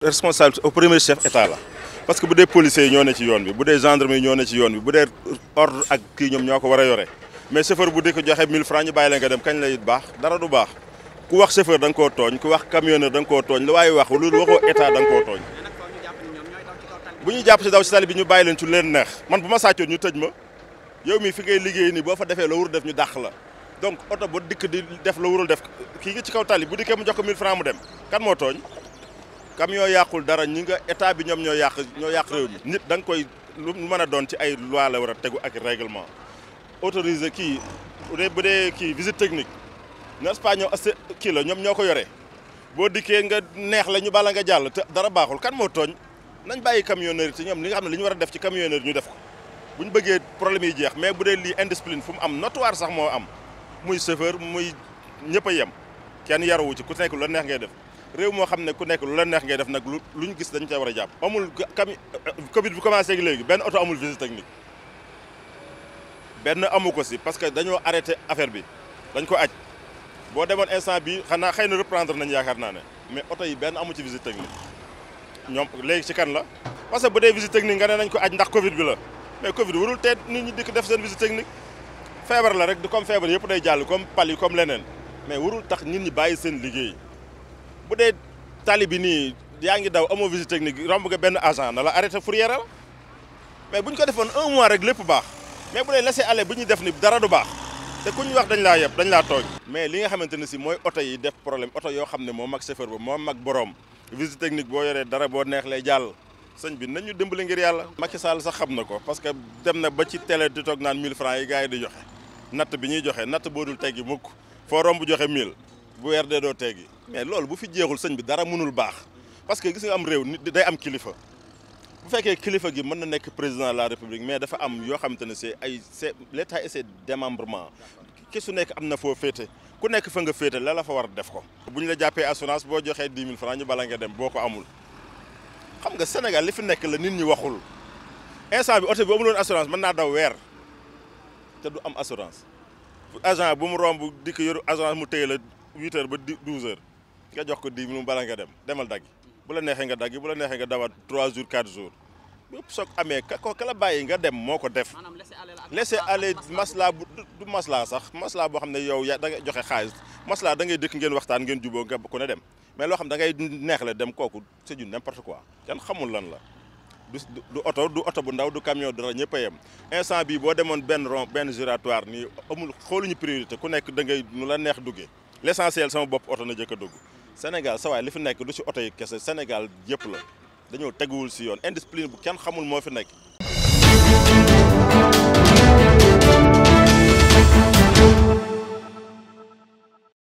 responsable au premier chef état là parce que bu dee policiers ñoo ne ci yoon bi bu dee gendarme ñoo ne ci yoon bi bu dee ordre ak ki ñom ñoko wara yoré mais chauffeur bu dik joxe 1000 francs ñu bàyyi nga dem kañ lay bax dara du bax ku wax chauffeur dang ko togn ku wax camionneur dang ko togn tooñ lu waaye wax lu waxo état dang ko togn bu ñu japp ci daw ci tali bi ñu bàyyi leen ci leen neex man buma ma ñu tëj ma yow mi fi ngay liggéey ni bo fa defee la wur def ñu dakh la donc auto bo dik di def la wurul def ki ngi ci kaw tali bu diké mu jox ko 1000 francs mu dem kan mo togn camion yàqul dara ñi nga état bi ñoom ñoo yàq ñoo yàq réew mi nit da nga koy lu mën a doon ci ay loi la war a tegu ak règlement autorisé kii bu dee kii visite technique n'est-ce pas ñoo asse kii la ñoom ñoo ko yore boo dikkee nga neex la ñu bala nga jàll te dara baaxul kan moo tooñ nañ bàyyi camionneur te ñoom li nga xam ne li ñu war a def ci camionneur ñu def ko bu ñu bëggee problème yi jeex mais bu dee lii indiscipline fu mu am notoire sax moo am muy chauffeur muy ñëpp yem kenn yaruwu ci ku nekk la neex ngay def réew moo xam ne ku nekk lu la neex ngay def nag lu ñu gis dañ ca war a jàpp. amul cami Covid bu commencé ak léegi benn oto amul visite technique benn amu ko si parce que dañoo arrêté affaire bi dañ ko aj boo demoon instant bi xanaa xëy na reprendre nañ yaakaar naa ne mais oto yi benn amu ci visite technique ñoom léegi ci kan la parce que bu dee visite technique nga ne nañ ko aj ndax Covid bi la mais Covid warul tee nit ñi dikk def seen visite technique feebar la rek du comme feebar day jàll comme pal yi comme leneen mais warul tax nit ñi bàyyi seen liggéey. bu dee tali bi nii yaa ngi daw amoo visite technique romb nga benn agent na la arrêté fourrière la mais bu ñu ko defoon un mois rek lépp baax mais bu dee laisser aller bu ñuy def ni dara du baax te ku ñu wax dañ laa yeb dañ laa toog mais li nga xamante ne si mooy oto yi def problème oto yoo xam ne moo mag chauffeur ba moo mag boroom visite technique boo yoree dara boo neex lay jàll. sëñ bi nañu dimbali ngir yàlla. Macky saal sax xam na ko parce que dem na ba ci télé di naan 1000 francs yi gars yi di joxe natt bi ñuy joxe natt boo dul teggi mukk foo romb joxe 1000 bu weer dee doo teggi mais ce bu fi jeexul bi dara mënul parce que gis nga am réew day am kilifa bu président de la république mais dafa l'état et démembrement, ki su nekk am na foo féete ku nekk fa nga la la fa war def ko. la assurance boo joxee 10 francs ñu bala dem Sénégal li fi la nit ñi waxul instant bi bi assurance mën daw te du am assurance agent bu mu nga jox ko 10 000 mu bala nga dem demal dagg bu la neexee nga dagg bu la neexee nga dawaat trois jours 4 jours yëpp soog amee ka ko kala bàyyi nga dem moo ko def laisser aller masla bu du maslaa sax maslaa boo xam ne yow yaa da joxe xaalis maslaa da ngay dëkk ngeen waxtaan ngeen juboo nga ko ne dem mais loo xam dangay ngay neex la dem kooku c'est du n'importe quoi kenn xamul lan la du du oto du oto bu ndaw du camion dara ñëpp a yem instant bi boo demoon benn rond benn giratoire nii amul xooluñu priorité ku nekk da ngay nu la neex duggee l'essentiel sama bopp oto na jëkk dugg Sénégal sa waay li fi nekk du ci oto yi you Sénégal yëpp la dañoo teguwul si yoon indiscipline bu kenn xamul moo fi nekk.